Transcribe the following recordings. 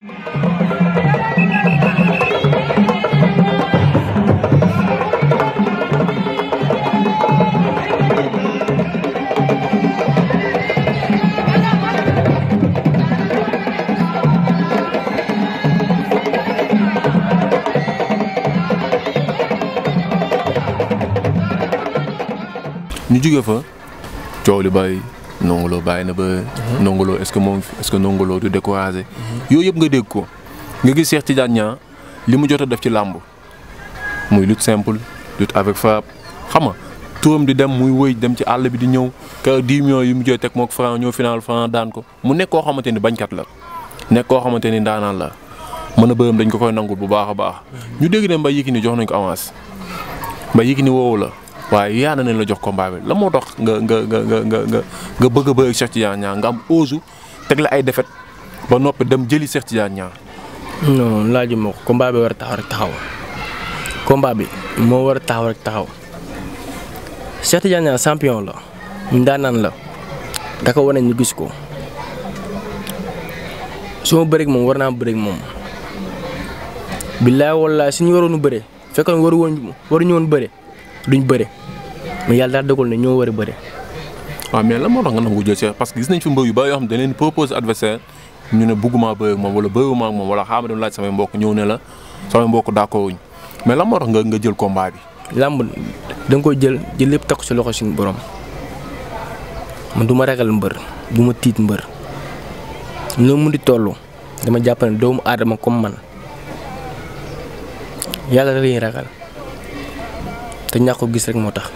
ñu jóge fa coow li bàyyi Ndongo loo bàyyi na ba. Ndongo loo est-ce que moom est-ce que Ndongo Lo du découragé. yooyu yëpp nga dégg ko nga gis Cheikh Tidiane Niang li mu jot a def ci làmb muy lutte simple lutte avec frappe xam nga turam di dem muy wëy dem ci àll bi di ñëw ka 10 yu mu jooy teg moo franc ñëw final franc daan ko mu nekk koo xamante ni bañkat la nekk koo xamante ni daanaan la mën a bërëm dañ ko koy nangul bu baax a baax. ñu dégg ne Mbaye Yékini jox nañu ko avance Mbaye Yékini woowu la. waaye yaa na nañ la jox combat bi la moo dox nga nga nga nga nga nga bëgg a bëgg Cheikh Tidiane Niang nga am ozu teg la ay defet ba noppi dem jëli Cheikh Tidiane Niang. non laaju ma ko combat bi war a taxaw taxaw combat bi moo war a taxaw taxaw Cheikh Tidiane Niang champion la ndaanaan la da ko wane gis ko su ma bëreeg moom war naa bëreeg moom. billaay wallaay suñu waroonu bëre fekkoon waru woon waruñu woon bëre duñ bëre mais yàlla daal dogal na ñoo war a bëre waaw ah, mais lan moo tax nga nangu jël Cheikh parce que gis nañ fi mbër yu bëri yoo xam ne dañ leen proposé ñu ne bëgguma bëri ak moom wala bëriwuma wala xaaral dem laaj samay mbokk ñëw la samay mbokk d'accord mais lan moo tax nga nga jël combat bi. làmb da nga koy jël jël lépp takku ci loxo suñu borom man du ma ragal mbër du ma tiit mbër noo mun di toll dama jàpp doomu aadama comme man yàlla da lay ragal te ñàkk ko gis rek moo tax.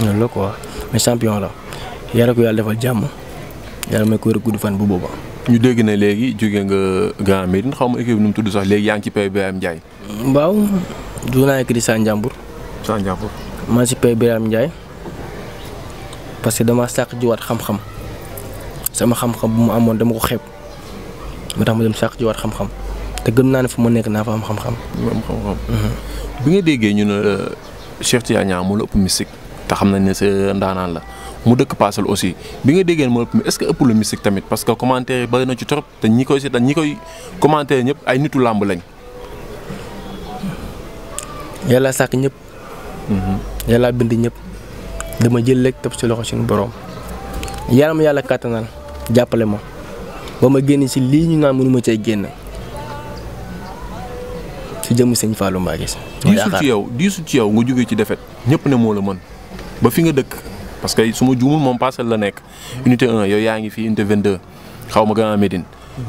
loolu la quoi mais champion la yàlla ko yàlla defal jàmm yàlla may ko wér gudd fan bu booba. ñu dégg na léegi jóge nga Grand Médine xaw ma équipe nu mu tudd sax léegi yaa ngi ci PBM Ndiaye. waaw dugg naa écrit Sa Ndiambour. Sa Ndiambour. maa si Ndiaye parce que dama sàq jiwaat xam-xam sama xam bu mu amoon dama ko xeeb ma tax ma jiwaat xam te gëm naa ne fu ma nekk naa fa am xam-xam. am xam mhm. bi nga déggee ñu ne euh, Cheikh Tidiane mu la ëpp mystique. te xam nañ ne sa ndaanaan la mu dëkk Parcelles aussi bi nga déggee moo ëpp est-ce que ëpp la mystique tamit parce que commentaire yi bëri na ci trop te ñi koy seetaan ñi koy commentaire ñëpp ay nitu làmb lañ. yàlla sàkk ñëpp. Mhm. yàlla bind ñëpp. dama jël lekk tëb loxo suñu borom. yàlla yàlla kàttanal jàppale ma ba ma génn si lii ñu naan mënuma génn ci yow diisul ci yow nga jógee ci defet ñëpp ne moo la mën. ba fi nga dëkk parce que su ma juumul moom parcelle la nekk unité 1 yow yaa ngi fi unité 22 xaw ma Grand Médine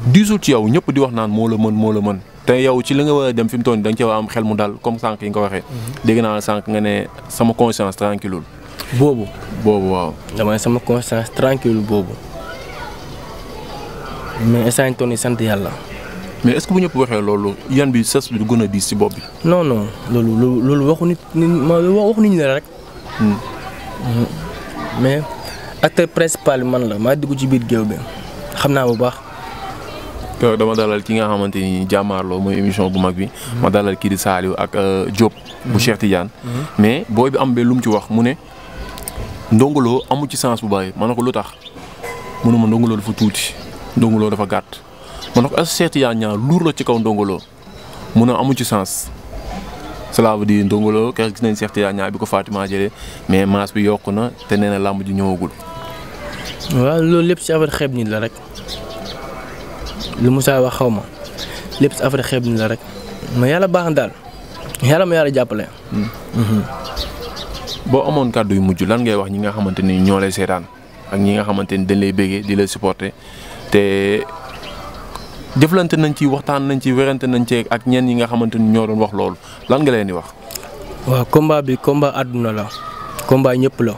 diisul ci yow ñëpp di wax naan moo la mën moo la mën te yow ci li nga war a dem fi mu toll da nga ci war am xel mu dal comme sànq yi mhm. ne sama conscience tranquille boobu. boobu waaw. dama sama conscience tranquille boobu mais instant ñu toll sant yàlla. mais est-ce que bu ñëpp waxee loolu yan bi sës bi du gën a diis ci bopp bi. non non loolu loolu waxu nit ma waxu nit ñi rek. Hmm. Mhm. mais acteur principal bi man la maa dugg ci biir géew bi xam naa bu baax. yow dama dalal ki nga xamante ni jàmmaarloo mooy émission bu mag bi. ma dalal kii di Saliou ak euh, Diop. bu Cheikh Tidiane. Mhm. mais boo bi am be lu mu ci wax mu ne Ndongo Lo amu ci sens bu bàyyi ma ne ko lu tax mu ne ma Ndongo Lo dafa tuuti Ndongo dafa gàtt ma ne ko as Cheikh Tidiane ñaar luur la ci kaw Ndongo Lo mu ne amu ci sens. cela veut dire Ndongo Lo keroog gis nañ Cheikh Tidiane Niang bi ko Fatima jëlee mais masse bi yokk na te nee na làmb ji ñëwagul. waaw loolu lépp si affaire xeeb nit la rek lu musaa wax xaw ma lépp si affaire xeeb nit la rek ma yàlla baax na daal yàlla ma yàlla jàppale. Mhm. boo amoon kàddu yu mujj lan ngay wax ñi nga xamante ni ñoo lay seetaan ak ñi nga xamante ni dañ lay bëggee di la supporter te. jëflante nañ ci waxtaan nañ ci werante nañ ci ak ñenn yi nga xamante ni ñoo doon wax loolu lan nga leen di wax. waaw combat bi combat àdduna la combat ñëpp la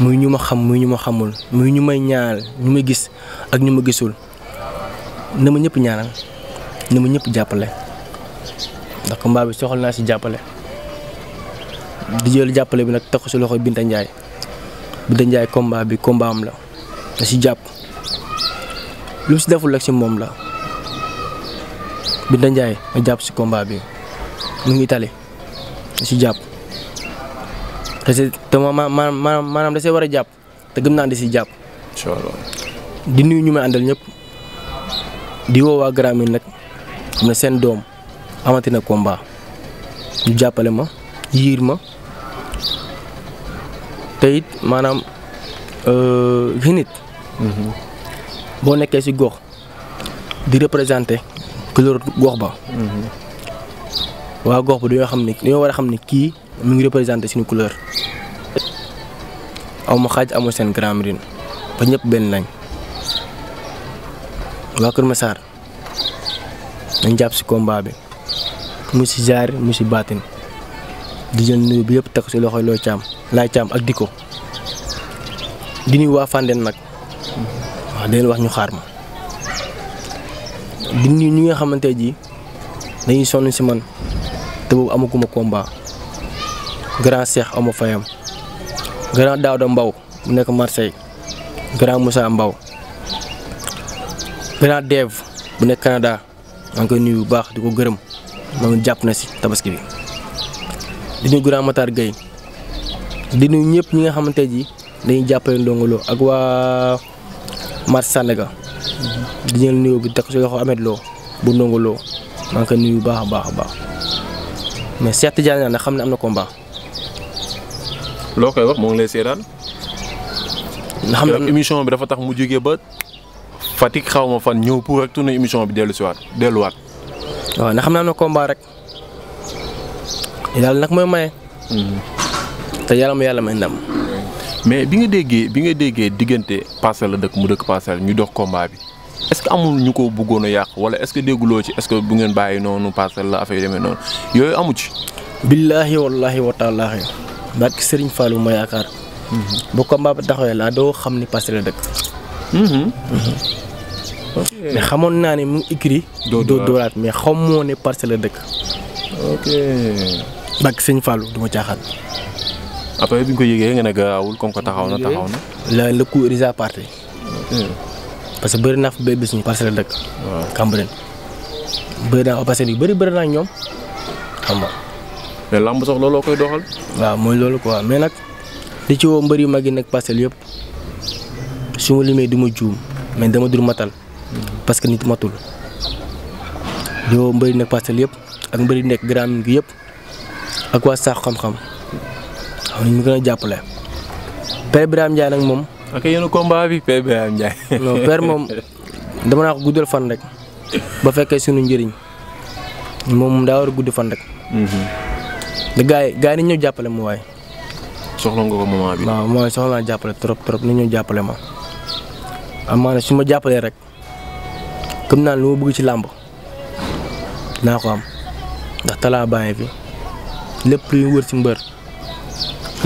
muy ñu ma xam muy ñu ma xamul muy ñu may ñaanal ñu ma gis ak ñu ma gisul na ma ñëpp ñaanal na ma ñëpp jàppale ndax combat bi soxal naa si jàppale di jël jàppale bi nag taxu si loxo Binta Ndiaye Binta Ndiaye bi combat la da si jàpp lu si deful ak si moom la. Binda Ndiaye jàpp si combat bi mu ngi tali si jàpp te si te maanaam maanaam da see war a jàpp te gëm naa di si jàpp. incha allah ñëpp di woo nag xam seen doom amati komba combat jàppale ma yiir ma te maanaam xinit euh, mhm. boo nekkee si gox di représenté. couleur gox ba. waa gox ba dañoo xam ne dañoo war a xam ne kii mu ngi représenté suñu couleur. awma xaaj amul seen Grand Médine ba ñëpp benn lañ waa Kër Massar dañ jàpp si komba bi mu si jaar mu si baatin di jël nuyu bi yëpp takk si loxo loo caam laay caam ak di ko di nuyu waa Fandène nag wax leen wax ñu xaar ma. di nuyu ñi nga xamante ji dañuy sonn si man te boobu amaguma komba grand Cheikh ama fayam grand Daouda Mbaw mu nekk Marseille grand Moussa Mbaw grand Dev bu nekk Canada maa ngi koy nuyu bu baax di ko gërëm moom jàpp na si tabaski bi di nuyu grand Matar Gueye di nuyu ñëpp ñi nga xamante ji dañuy jàppale Ndongo ak waa Mars Sandaga di jël nuyoo bi teg si loxo Ameth Lo bu Ndongo Lo maa ngi koy baax a baax a baax mais Cheikh Tidiane Niang nag xam ne am na combat. loo koy wax moo ngi lay seetaan. na xam ne émission bi dafa tax mu jógee xaw ma fan ñëw pour rek bi dellu si delluwaat. waaw na xam naa rek yàlla nag mooy maye. Hmm. te yàlla mu yàlla may ndam. mais bi nga déggee bi nga déggee diggante Parcelles la dëkk mu dëkk Parcelles ñu dox combat bi est que amul ñu ko bëggoon yàq wala est-ce que dégguloo ci est que bu ngeen bàyyi noonu Parcelles la affaire yi noonu yooyu amu ci. billaahi wallaahi wa taalaahi barki sëriñ Fallou ma yaakaar. Mhm. bu komba bi taxawee laa doo xam ni Parcelles la dëkk. Mhm. mais xamoon naa ne mu ngi doo dooraat mais xamoo ne Parcelles la dëkk. ok. barki Serigne Fallou du ma après bi ñu ko yëgee nga ne gaawul comme que taxaw na taxaw na. la le coup est hmm. parce que bëri naa fa béy bis ñu parcelle dëkk. waaw Cambérène bëri naa opportunité yu bëri bëri naa ñoom xam nga. mais làmb sax koy doxal. waaw mooy loolu quoi mais nag li ci woo mbër yu mag yi nag parcelle yëpp su ma limee ma juum mais dama dul matal hmm. parce que nit matul li woo mbër parce nag yëpp ak mbër nekk Grand Médine gi yëpp ak waa Sax Xam-Xam. waaw nañ ma jàppale. Père Birame Ndiaye nag moom. ak yéen combat bi Père moom dama naa ko guddal fan rek ba fekkee suñu njëriñ moom daa war a gudd fan rek. te mhm. gars yi ñëw jàppale ma waaye. soxla nga ko moment bi. soxla naa jàppale trop trop nañ ñëw jàppale ma amaana su ma jàppalee rek comme naan lu ma bëgg ci làmb naa ko am ndax talaa bàyyi fi lépp luy wër ci mbër.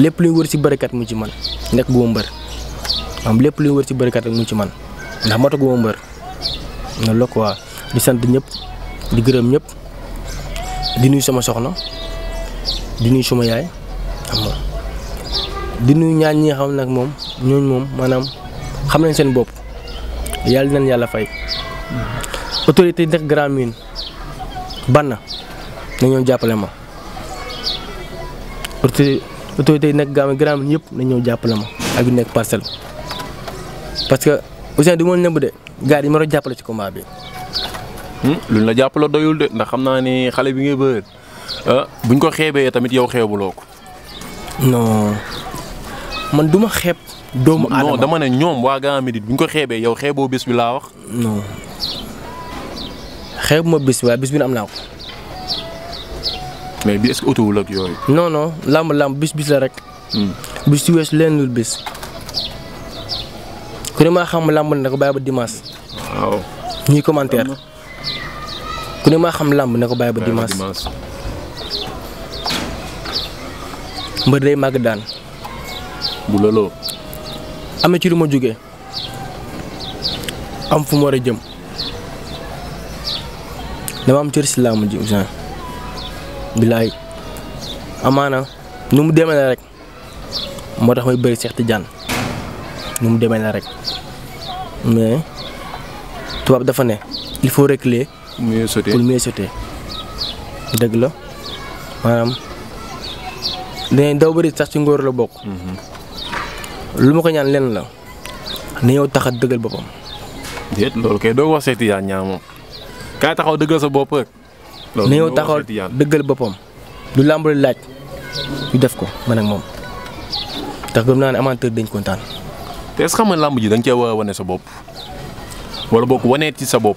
lépp luy wër si barikat mu ci man nekk gu ma mbër maanaam lépp luy wër si bërëkat mu ci man ndax mata gu ma mbër noonu la quoi di sant ñëpp di gërëm ñëpp di nuy sama soxna di nuy sama yaay xam nga di nuy ñaan ñi xam nag moom ñooñ moom maanaam xam nañ seen bopp yàlla dinañ yàlla fay autorité nekk Grand Médine ban na ñoom jàppale ma autorité yi nekk Gambie grand yëpp na ñëw jàppale ma ak yu nekk parcelle parce que Ouzin du ma nëbb de gars yi ma doon jàppale ci combat bi. Hmm? luñ la jàppale doyul xam naa ne xale bi ngay ah, buñ ko xeebee tamit yow xeebuloo ko. non man du ma xeeb. doomu aadama dama ne ñoom waa bu buñ ko xeebee yow xeeboo bis bi laa wax. non xeebuma bés bi waaye bés bi am naa ko. mais bi est-ce que utawul ak yooyu. non non làmb làmb bis bis la rek. Hmm. bis si weesu leen lul bis. ku ne maa xam làmb na ko bàyyi ba dimanche. waaw xam làmb na ko bàyyi mbër day màgg daan. bu loloo. am na ci lu ma jóge am fu mu war a jëm. dama am cër si làmb ji billaay amaana nu mu demee la rek moo tax may bëri Cheikh Tidiane nu mu demee la rek mais tubaab dafa ne il faut reculer. mieux sauter pour mieux dëgg la maanaam dinañ daw bëri sax ci ngóor la bokk. Mhm. lu ma ko ñaan lenn la na ñëw tax dëggal boppam. déet kay doo wax Cheikh Tidiane ñaa moom taxaw dëggal sa bopp rek. na ñëw taxaw dëggal boppam lu làmb la laaj ñu def ko man ak moom tax gëm naa ne amateur dañ kontaan. te est-ce que xam nga làmb ji da nga cee war sa bopp wala boo ko wanee ci sa bopp.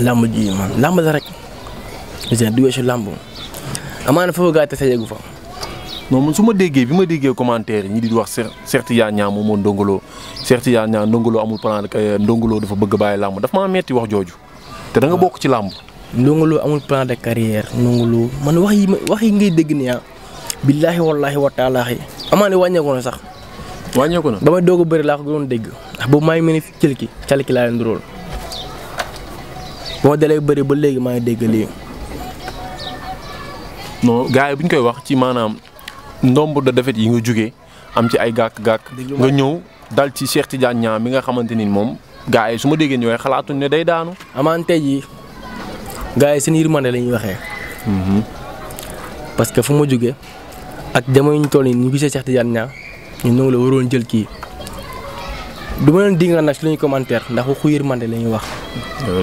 làmb ji man làmb la rek. monsieur du weesu làmb amaana foofu gaa tase yeggu fa. moom su ma déggee bi ma déggee commentaire ñi di wax Cheikh Tidiane Niang moom moo Ndongo Lo Cheikh Tidiane amul palaan euh, Ndongo Lo dafa bëgg a bàyyi làmb dafa maa metti wax jooju te da nga bokk ci làmb. Ndongo Lo amul plan de carrière Ndongo lu man wax yi ma wax yi ngay dégg nii ah. billaahi wallaahi wa taalaahi amaane wàññeeku na sax. wàññeeku na ba may doog a bëri laa ko doon dégg ndax boobu maa ngi mel ni calki calki ba léegi maa ngi dégg lii. non yi bu koy wax ci maanaam ndomb de defet yi nga jugee am ci ay gàkk-gàkk. nga ñëw dal ci Cheikh Tidiane Niang mi nga xamante ni moom gars yi su ma déggee ñooy xalaatu ne day daanu. amante yi gaa yi seen yërmande la ñuy waxee. parce que fu ma jógee ak jamono ñu toll nii ñu gisee Cheikh Tidiane Niang ñu noonu la waroon jël kii du ma leen di nga nag si la ñuy commentaire ndax waxu yërmande la lañuy wax.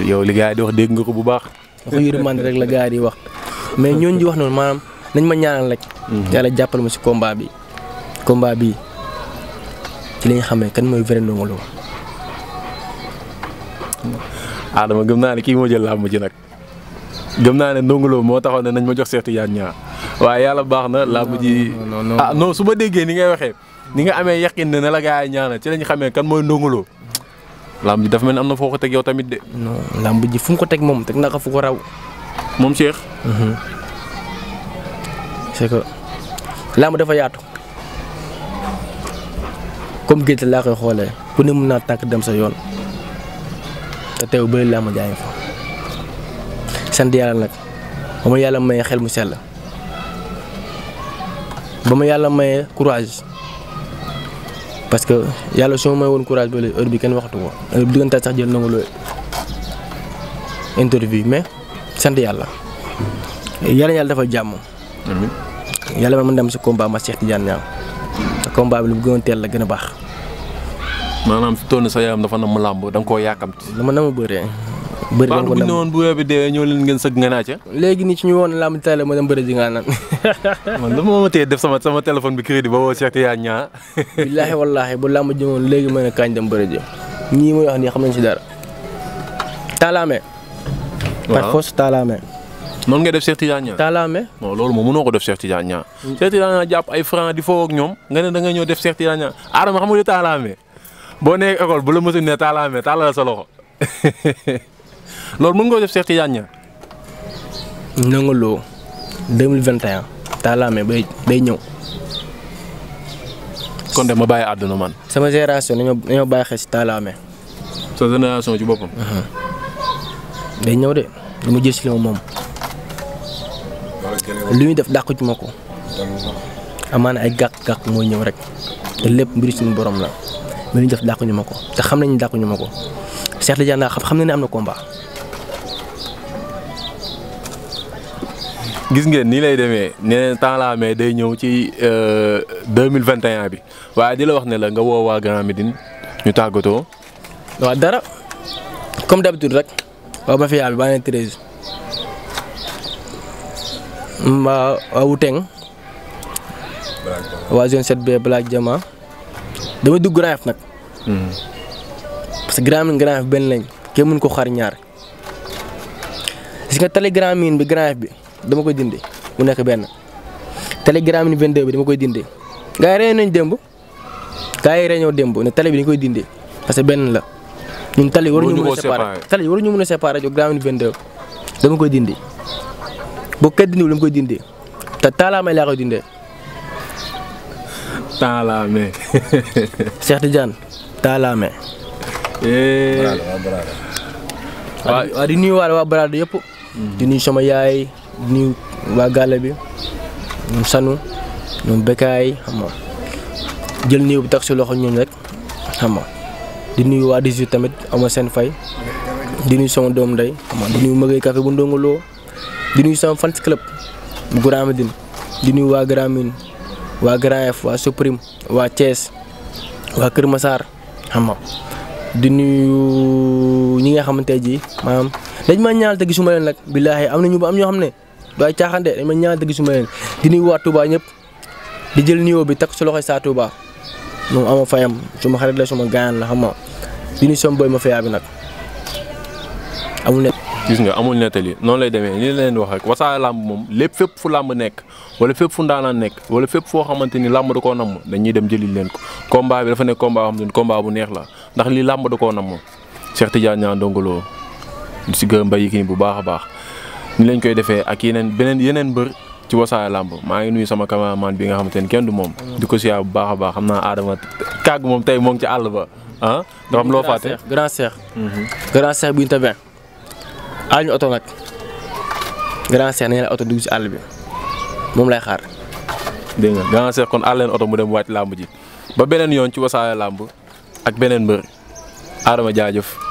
yow li gaa yi di wax dégg nga ko bu baax. waxu yërmande rek la gars yi di wax mais ñooñu di wax noonu maam nañ ma ñaanal rek. Mhm. yàlla jàppal ma si kombaa bi combat bi ci li nga xamee kan mooy vrai Ndongo Lo. Adama gëm naa ne kii moo jël làmb ji nag. gëm naa ne Ndongo Lo moo taxaw ne nañ ma jox Cheikh Tidiane ñaa waaye yàlla baax na làmb ji ah non su ma déggee ni ngay waxee ni nga amee yaqin ne na la gaa yi ñaanal ci lañ xamee kan mooy Ndongo Lo làmb ji dafa mel am na foo ko teg tamit de. non ji fu mu ko teg moom teg na ko fu ko raw. moom Cheikh. Mhm. dafa yaatu comme géej laa koy xoolee ku ne mun naa tàkk dem sa yoon te teew bëri làmb jaay fa. sant yàlla nag ba ma yàlla maye xel mu sell ba ma yàlla maye courage parce que yàlla su ma may woon courage ba léegi heure bi kenn waxatu ko heure bi diggante sax jël na nga looy interview mais sant yàlla yàlla yàlla dafa jàmm. yàlla man si combat ma Cheikh Tidiane Niang te combat bi lu gën a teel la gën a baax. maanaam fi toll sa yaram dafa na làmb da koo yàkkamti. dama na ma bëree. bëri ba bu ñu woon bu ngeen sëgg nga naa ca. léegi ni ci ñu woon làmb tale ma dem bëri ji nga naan. man lu def sama sama téléphone bi crédit ba woo Cheikh Tidiane Niang. billaahi wallaahi léegi ma kañ dem bëri ji xam nañ si dara. Taalaame. waaw par force Taalaame. noonu ngay def Cheikh Tidiane Niang. Taalaame. non loolu moom mënoo ko def Cheikh Tidiane Niang. Mm. Cheikh Tidiane Niang jàpp ay franc di foo ak ñoom nga ne da nga ñëw def Cheikh a Niang Adama xam nga Taalaame boo nee école bu la mësul ne Taalaame taalal sa loolu mën nga ko def Cheikh Tidiane Niang. Ndongo Lo taalaame bay bay ñëw. kon de ma bàyyi àdduna man. sama génération dañoo dañoo bàyyi xel si taalaame. sa génération ci boppam. Uh-huh. day ñëw de lu mu jël si li ma moom. lu ñuy def dàqu ci ma ko. amaana ay gàkk-gàkk mooy ñëw rek te lépp mbiru suñu borom la lu ñu def dàq ñu ma ko te xam nañ dàqu ñu ma ko Cheikh Tidiane xam xam na ne am na combat. gis ngeen nii lay demee nee na la mais day ñëw ci euh, deux mille vingt bi waaye di wax ne la nga woo waa Grand Médine ñu tàggatoo. waa dara comme d'habitude rek waa Mafia bi baa ngi treize mbaa waa Wuteng waa zone 7B Black dama dugg Grand Yoff nag. Hmm. parce Grand Médine benn lañ kenn mën ko xar ñaar nga tali Grand Médine bi Grand Yoff bi. dama koy dindi mu nekk benn télégramme ni 22 bi dama koy dindi gars yi réunion nañ démb gars yi réunion démb ne bi dañ koy dindi parce que benn la ñun télé waruñu mën a séparer télé waruñu mën a séparer gramme ni 22 dama koy dindi bu kat dindiwul dama koy dindi te taalaamay laa koy dindee. taalaame. Cheikh Tidiane taalaame. Eh. waa di waa Barado yëpp. di nuyu sama nuyu waa gàlle bi ñoom sanu ñoom bekkaay xam nga jël néew bi tax si loxo ñun rek xam nga di nuyu waa 18 tamit ama seen fay di nuyu sama doom ndey xam nga di nuyu Maguette Café bu di nuyu sama fans club di nuyu waa Grand Médine waa waa Suprême waa Thiès waa ñi nga xamante ji maanaam te gisuma leen nag billaahi am na ñu ba am ñoo xam ne. du ay dañ ma ñaan dëgg ma leen di nuyu waa Touba ñëpp di jël nuyoo bi takk su loxo saa Touba moom fayam su ma xarit la su ma ma di nuyu sama boy nag amul ne. gis nga amul nettali noonu lay demee li leen wax rek wasaare moom lépp fépp fu làmb nekk wala fépp fu ndaanaan nekk wala fépp foo xamante ni làmb koo namm dañuy dem jëlil leen ko combat bi dafa nekk combat xam ne combat bu neex la ndax lii làmb da koo namm Cheikh Tidiane Niang Ndongo Lo si gërëm mbay yi bu baax a baax ni lañ koy defee ak yeneen beneen yeneen mbër ci wasaare làmb maa ngi nuyu sama cameraman bi nga xamante ni kenn du moom. di ko siyaa bu baax a baax xam naa Adama kàgg moom tey moo ci àll ba ah. dafa am loo fàtte grand seex mhm. oto nag grand seex oto dugg ci àll bi moom lay xaar. dégg nga grand kon àll oto mu dem wàcc làmb ji ba beneen yoon ci wasaare làmb ak beneen mbër Adama jaajëf.